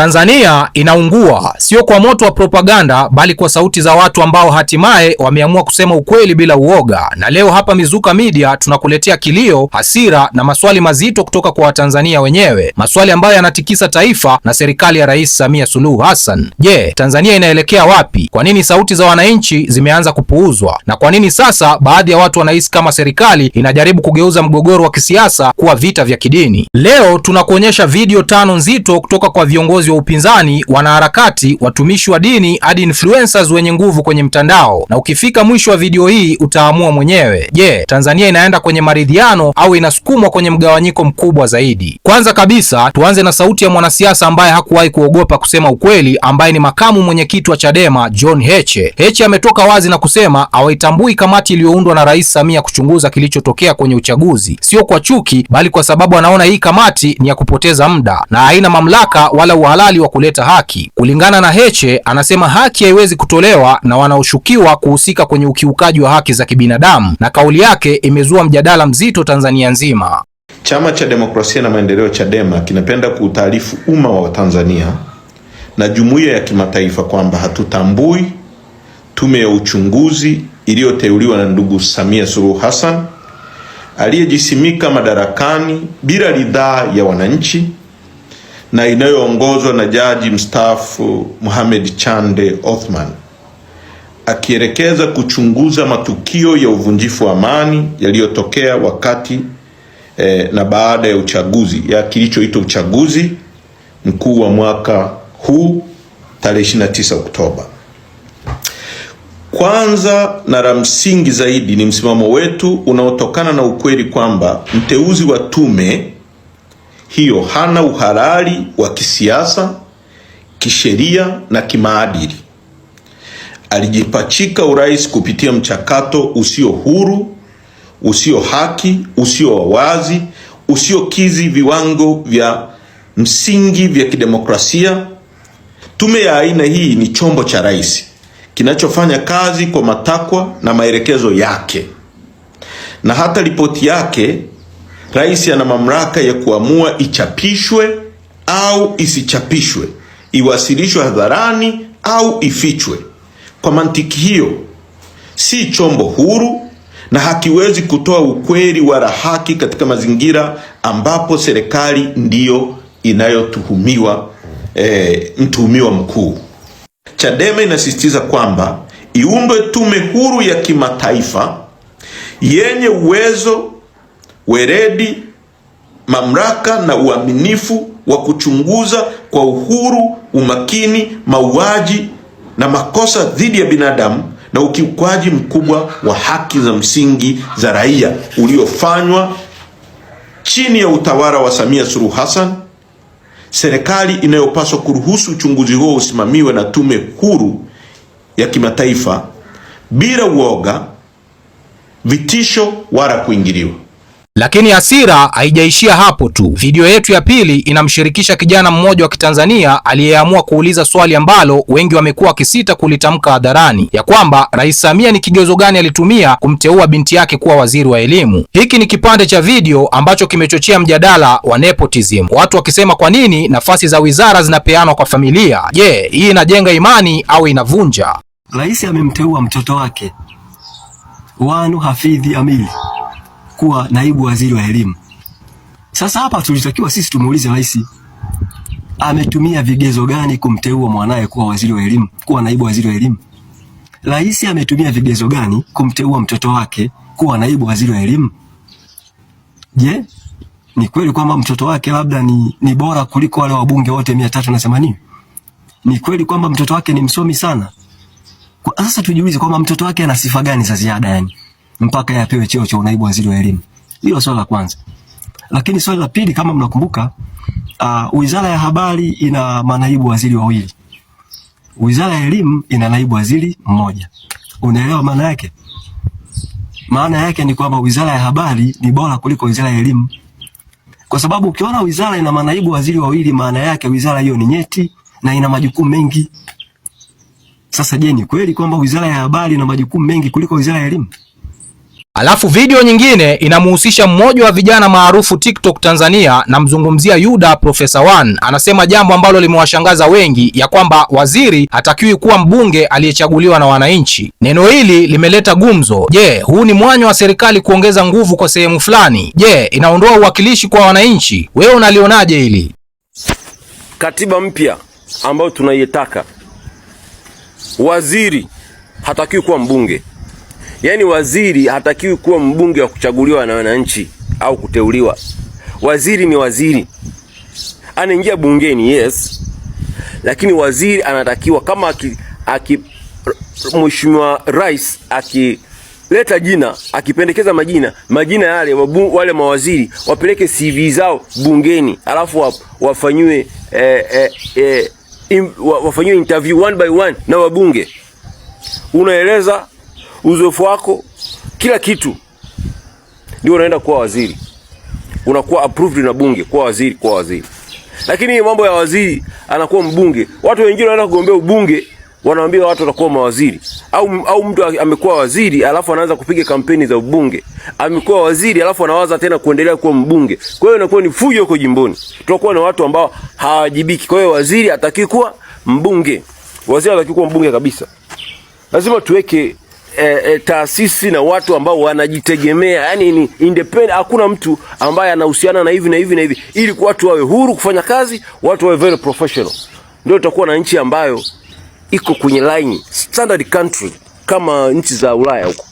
Tanzania inaungua, sio kwa moto wa propaganda, bali kwa sauti za watu ambao hatimaye wameamua kusema ukweli bila uoga. Na leo hapa Mizuka Media tunakuletea kilio, hasira na maswali mazito kutoka kwa Watanzania wenyewe, maswali ambayo yanatikisa taifa na serikali ya Rais Samia Suluhu Hassan. Je, Tanzania inaelekea wapi? Kwa nini sauti za wananchi zimeanza kupuuzwa, na kwa nini sasa baadhi ya watu wanahisi kama serikali inajaribu kugeuza mgogoro wa kisiasa kuwa vita vya kidini? Leo tunakuonyesha video tano nzito kutoka kwa viongozi wa upinzani, wanaharakati, watumishi wa dini hadi influencers wenye nguvu kwenye mtandao, na ukifika mwisho wa video hii utaamua mwenyewe. Je, yeah, Tanzania inaenda kwenye maridhiano au inasukumwa kwenye mgawanyiko mkubwa zaidi? Kwanza kabisa tuanze na sauti ya mwanasiasa ambaye hakuwahi kuogopa kusema ukweli, ambaye ni makamu mwenyekiti wa Chadema John Heche. Heche ametoka wazi na kusema hawaitambui kamati iliyoundwa na Rais Samia kuchunguza kilichotokea kwenye uchaguzi, sio kwa chuki, bali kwa sababu anaona hii kamati ni ya kupoteza muda na haina mamlaka wala uhalali uhalali wa kuleta haki. Kulingana na Heche, anasema haki haiwezi kutolewa na wanaoshukiwa kuhusika kwenye ukiukaji wa haki za kibinadamu, na kauli yake imezua mjadala mzito Tanzania nzima. Chama cha Demokrasia na Maendeleo, Chadema, kinapenda kuutaarifu umma wa Tanzania na jumuiya ya kimataifa kwamba hatutambui tume ya uchunguzi iliyoteuliwa na ndugu Samia Suluhu Hassan aliyejisimika madarakani bila ridhaa ya wananchi na inayoongozwa na jaji mstaafu Mohamed Chande Othman akielekeza kuchunguza matukio ya uvunjifu wa amani yaliyotokea wakati eh, na baada ya uchaguzi ya kilichoitwa uchaguzi mkuu wa mwaka huu tarehe 29 Oktoba. Kwanza na la msingi zaidi ni msimamo wetu unaotokana na ukweli kwamba mteuzi wa tume hiyo hana uhalali wa kisiasa, kisheria na kimaadili. Alijipachika urais kupitia mchakato usio huru, usio haki, usio wawazi, usiokizi viwango vya msingi vya kidemokrasia. Tume ya aina hii ni chombo cha rais kinachofanya kazi kwa matakwa na maelekezo yake, na hata ripoti yake Rais ana mamlaka ya kuamua ichapishwe au isichapishwe, iwasilishwe hadharani au ifichwe. Kwa mantiki hiyo, si chombo huru na hakiwezi kutoa ukweli wala haki katika mazingira ambapo serikali ndiyo inayotuhumiwa e, mtuhumiwa mkuu. Chadema inasisitiza kwamba iundwe tume huru ya kimataifa yenye uwezo weledi, mamlaka na uaminifu wa kuchunguza kwa uhuru, umakini, mauaji na makosa dhidi ya binadamu na ukiukwaji mkubwa wa haki za msingi za raia uliofanywa chini ya utawala wa Samia Suluhu Hassan, serikali inayopaswa kuruhusu uchunguzi huo usimamiwe na tume huru ya kimataifa bila uoga, vitisho wala kuingiliwa. Lakini hasira haijaishia hapo tu. Video yetu ya pili inamshirikisha kijana mmoja wa Kitanzania aliyeamua kuuliza swali ambalo wengi wamekuwa wakisita kulitamka hadharani, ya kwamba Rais Samia ni kigezo gani alitumia kumteua binti yake kuwa waziri wa elimu. Hiki ni kipande cha video ambacho kimechochea mjadala wa nepotism, watu wakisema kwa nini nafasi za wizara zinapeanwa kwa familia? Je, yeah, hii inajenga imani au inavunja? Rais amemteua mtoto wake Wanu Hafidhi Amili kuwa naibu waziri wa elimu. Sasa hapa tulitakiwa sisi tumuulize rais ametumia vigezo gani kumteua mwanaye kuwa waziri wa elimu, kuwa naibu waziri wa elimu? Rais ametumia vigezo gani kumteua mtoto wake kuwa naibu waziri wa elimu? Je, ni kweli kwamba mtoto wake labda ni, ni bora kuliko wale wabunge wote 380? Ni kweli kwamba mtoto wake ni msomi sana? Kwa sasa tujiulize kwamba mtoto wake ana sifa gani za ziada yani? mpaka yeye apewe cheo cha naibu waziri wa elimu. Hilo swala la kwanza. Lakini swali la pili, kama mnakumbuka, uh, Wizara ya Habari ina manaibu waziri wawili. Wizara ya Elimu ina naibu waziri mmoja. Unaelewa maana yake? Maana yake ni kwamba Wizara ya Habari ni bora kuliko Wizara ya Elimu. Kwa sababu ukiona wizara ina manaibu waziri wawili, maana yake wizara hiyo ni nyeti na ina majukumu mengi. Sasa je, ni kweli kwamba Wizara ya Habari ina majukumu mengi kuliko Wizara ya Elimu? Alafu video nyingine inamuhusisha mmoja wa vijana maarufu TikTok Tanzania, namzungumzia Yuda Professor One. Anasema jambo ambalo limewashangaza wengi, ya kwamba waziri hatakiwi kuwa mbunge aliyechaguliwa na wananchi. Neno hili limeleta gumzo. Je, huu ni mwanya wa serikali kuongeza nguvu kwa sehemu fulani? Je, inaondoa uwakilishi kwa wananchi? Wewe unalionaje hili? Katiba mpya ambayo tunaiyetaka, waziri hatakiwi kuwa mbunge. Yaani waziri hatakiwi kuwa mbunge wa kuchaguliwa na wananchi au kuteuliwa. Waziri ni waziri, anaingia bungeni yes, lakini waziri anatakiwa kama aki, aki mheshimiwa rais akileta jina akipendekeza majina majina yale wabu, wale mawaziri wapeleke CV zao bungeni, alafu wafanyiwe eh, eh, eh, wafanyiwe interview one by one na wabunge, unaeleza uzoefu wako, kila kitu, ndio unaenda kuwa waziri, unakuwa approved na bunge kuwa waziri, kuwa waziri. Lakini mambo ya waziri, anakuwa mbunge. Watu wengine wanaenda kugombea ubunge, wanawaambia watu watakuwa mawaziri, au au mtu amekuwa waziri alafu anaanza kupiga kampeni za ubunge, amekuwa waziri alafu anawaza tena kuendelea kuwa mbunge. Kwa hiyo inakuwa ni fujo huko jimboni, tutakuwa na watu ambao hawajibiki. Kwa hiyo waziri atakikuwa mbunge, waziri atakikuwa mbunge kabisa. Lazima tuweke e, e, taasisi na watu ambao wanajitegemea, yani ni independent, hakuna mtu ambaye anahusiana na hivi na hivi na hivi, ili watu wawe huru kufanya kazi, watu wawe very professional, ndio tutakuwa na nchi ambayo iko kwenye line standard country kama nchi za Ulaya huko.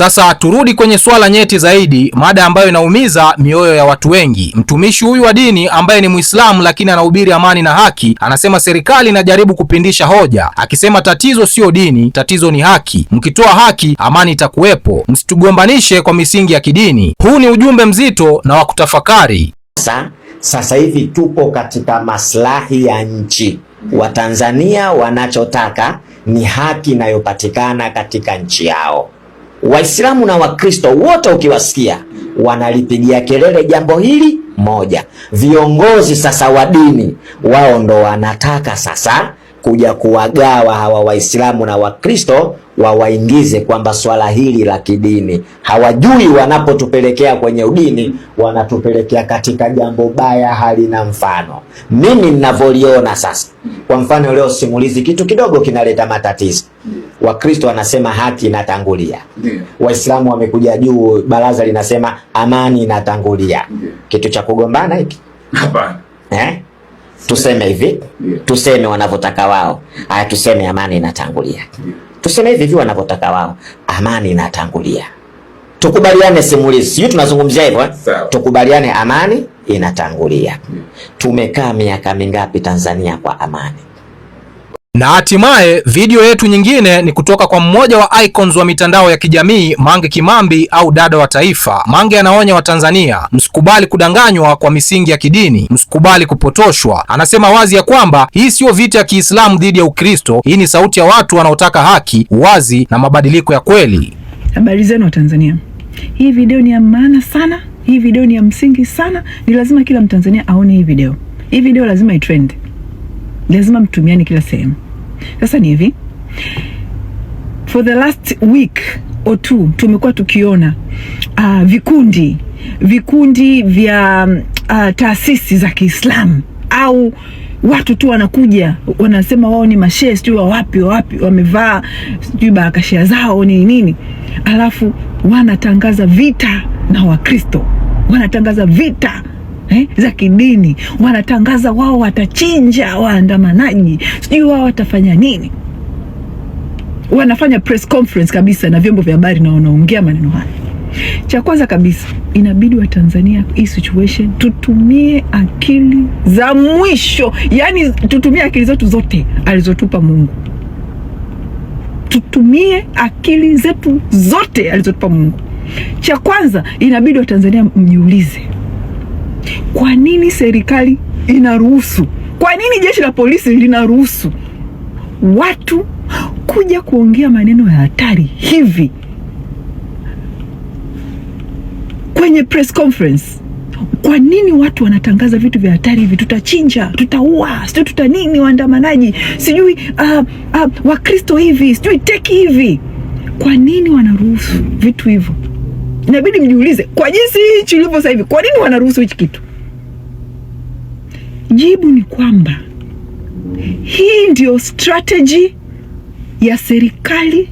Sasa turudi kwenye swala nyeti zaidi, mada ambayo inaumiza mioyo ya watu wengi. Mtumishi huyu wa dini ambaye ni Muislamu lakini anahubiri amani na haki, anasema serikali inajaribu kupindisha hoja, akisema tatizo siyo dini, tatizo ni haki. Mkitoa haki, amani itakuwepo, msitugombanishe kwa misingi ya kidini. Huu ni ujumbe mzito na wa kutafakari. Sasa, sasa hivi tupo katika maslahi ya nchi. Watanzania wanachotaka ni haki inayopatikana katika nchi yao. Waislamu na Wakristo wote ukiwasikia wanalipigia kelele jambo hili moja. Viongozi sasa wa dini wao ndo wanataka sasa kuja kuwagawa hawa Waislamu na Wakristo wawaingize kwamba swala hili la kidini. Hawajui wanapotupelekea kwenye udini, wanatupelekea katika jambo baya halina mfano. Mimi ninavyoliona sasa, kwa mfano leo simulizi, kitu kidogo kinaleta matatizo. Wakristo wanasema haki inatangulia, Waislamu wamekuja juu, baraza linasema amani inatangulia. Kitu cha kugombana hiki? Hapana. Eh? tuseme hivi, tuseme wanavyotaka wao. Haya, tuseme amani inatangulia, tuseme hivi hivi wanavyotaka wao, amani inatangulia. Tukubaliane simulizi, sijui tunazungumzia hivyo eh? Tukubaliane amani inatangulia. Tumekaa miaka mingapi Tanzania kwa amani? Na hatimaye video yetu nyingine ni kutoka kwa mmoja wa icons wa mitandao ya kijamii Mange Kimambi au dada wa taifa. Mange anaonya Watanzania, msikubali kudanganywa kwa misingi ya kidini, msikubali kupotoshwa. Anasema wazi ya kwamba hii siyo vita ya Kiislamu dhidi ya Ukristo, hii ni sauti ya watu wanaotaka haki, uwazi na mabadiliko ya kweli. Habari zenu Watanzania, hii video ni ya maana sana, hii video ni ya msingi sana, ni lazima kila Mtanzania aone hii video. Hii video lazima itrend lazima mtumiane kila sehemu. Sasa ni hivi, for the last week or two tumekuwa tukiona uh, vikundi vikundi vya uh, taasisi za Kiislamu au watu tu wanakuja wanasema wao ni mashehe sijui wa wapi wapi wamevaa sijui barakashia zao ni nini, alafu wanatangaza vita na Wakristo, wanatangaza vita eh, za kidini, wanatangaza wao watachinja waandamanaji, sijui wao watafanya nini, wanafanya press conference kabisa na vyombo vya habari na wanaongea maneno haya. Cha kwanza kabisa inabidi Watanzania hii situation tutumie akili za mwisho, yani tutumie akili zetu zote alizotupa Mungu, tutumie akili zetu zote alizotupa Mungu. Cha kwanza inabidi Watanzania mjiulize kwa nini serikali inaruhusu? Kwa nini jeshi la polisi linaruhusu watu kuja kuongea maneno ya hatari hivi kwenye press conference? Kwa nini watu wanatangaza vitu vya hatari hivi? Tutachinja, tutaua, sijui tuta nini, waandamanaji sijui, uh, uh, Wakristo hivi sijui teki hivi. Kwa nini wanaruhusu vitu hivyo? inabidi mjiulize, kwa jinsi hichi ulivyo sasa hivi, kwa nini wanaruhusu hichi kitu? Jibu ni kwamba hii ndio strategy ya serikali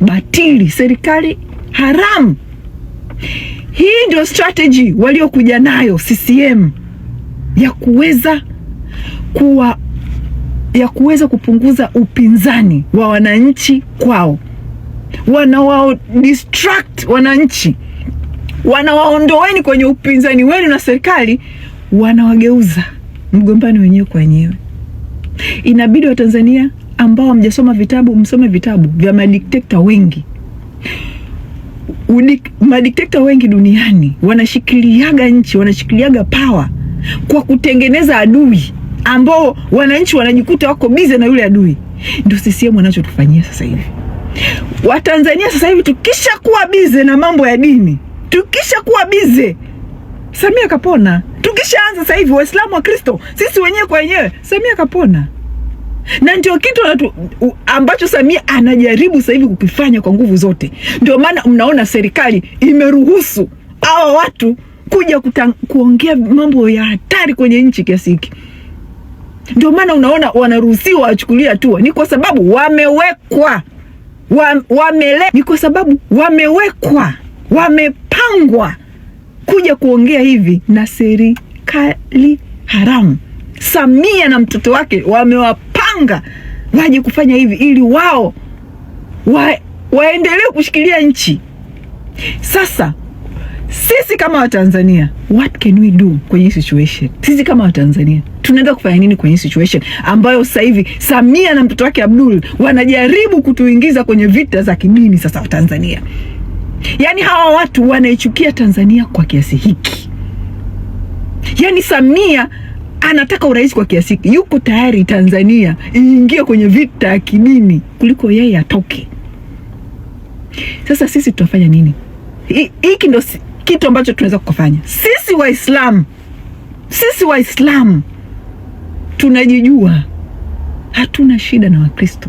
batili, serikali haramu. Hii ndio strategy waliokuja nayo CCM ya kuweza kuwa ya kuweza kupunguza upinzani wa wananchi kwao, wanawao distract wananchi wanawaondoeni kwenye upinzani wenu na serikali, wanawageuza mgombani wenyewe kwa wenyewe. Inabidi Watanzania ambao hamjasoma vitabu msome vitabu vya madikteta wengi Udik, madikteta wengi duniani wanashikiliaga nchi, wanashikiliaga pawa kwa kutengeneza adui ambao wananchi wanajikuta wako bize na yule adui. Ndio CCM wanachotufanyia sasa hivi Watanzania. Sasa hivi tukishakuwa bize na mambo ya dini tukisha kuwa bize Samia kapona. Tukishaanza sasa hivi Waislamu wa Kristo sisi wenyewe kwa wenyewe, Samia kapona, na ndio kitu natu, ambacho Samia anajaribu sasa hivi kukifanya kwa nguvu zote. Ndio maana mnaona serikali imeruhusu hawa watu kuja kutang, kuongea mambo ya hatari kwenye nchi kiasi hiki. Ndio maana unaona wanaruhusiwa wachukulia hatua, ni kwa sababu wamewekwa wa, wamele, ni kwa sababu wamewekwa wamepangwa kuja kuongea hivi na serikali haramu. Samia na mtoto wake wamewapanga waje kufanya hivi ili wao wa, waendelee kushikilia nchi. Sasa sisi kama Watanzania, what can we do kwenye situation? Sisi kama Watanzania tunaweza kufanya nini kwenye situation ambayo sasa hivi Samia na mtoto wake Abdul wanajaribu kutuingiza kwenye vita za kidini? Sasa Watanzania Yaani hawa watu wanaichukia Tanzania kwa kiasi hiki. Yaani Samia anataka urais kwa kiasi hiki, yuko tayari Tanzania iingie kwenye vita ya kidini kuliko yeye atoke. Sasa sisi tutafanya nini? Hiki ndo kitu ambacho tunaweza kukafanya sisi Waislamu. Sisi Waislamu tunajijua, hatuna shida na Wakristo.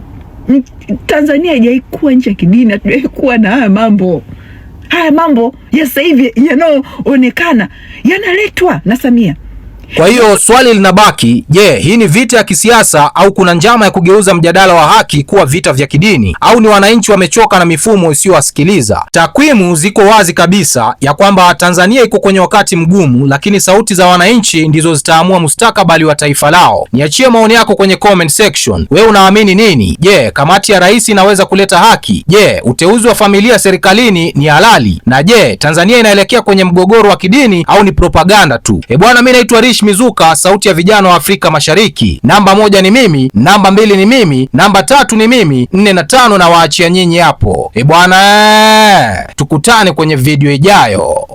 Tanzania haijawahi kuwa nchi ya kidini, hatujawahi kuwa na haya mambo haya mambo ya sasa hivi yanayoonekana yanaletwa na Samia. Kwa hiyo swali linabaki, je, yeah, hii ni vita ya kisiasa au kuna njama ya kugeuza mjadala wa haki kuwa vita vya kidini au ni wananchi wamechoka na mifumo isiyowasikiliza? Takwimu ziko wazi kabisa ya kwamba Tanzania iko kwenye wakati mgumu, lakini sauti za wananchi ndizo zitaamua mustakabali wa taifa lao. Niachie maoni yako kwenye comment section. Wewe unaamini nini? Je, yeah, kamati ya rais inaweza kuleta haki? Je, yeah, uteuzi wa familia serikalini ni halali? Na je, yeah, Tanzania inaelekea kwenye mgogoro wa kidini au ni propaganda tu? E bwana, mimi naitwa Mwandishi Mizuka, sauti ya vijana wa Afrika Mashariki. Namba moja ni mimi, namba mbili ni mimi, namba tatu ni mimi, nne na tano na waachia nyinyi hapo. E bwana, tukutane kwenye video ijayo.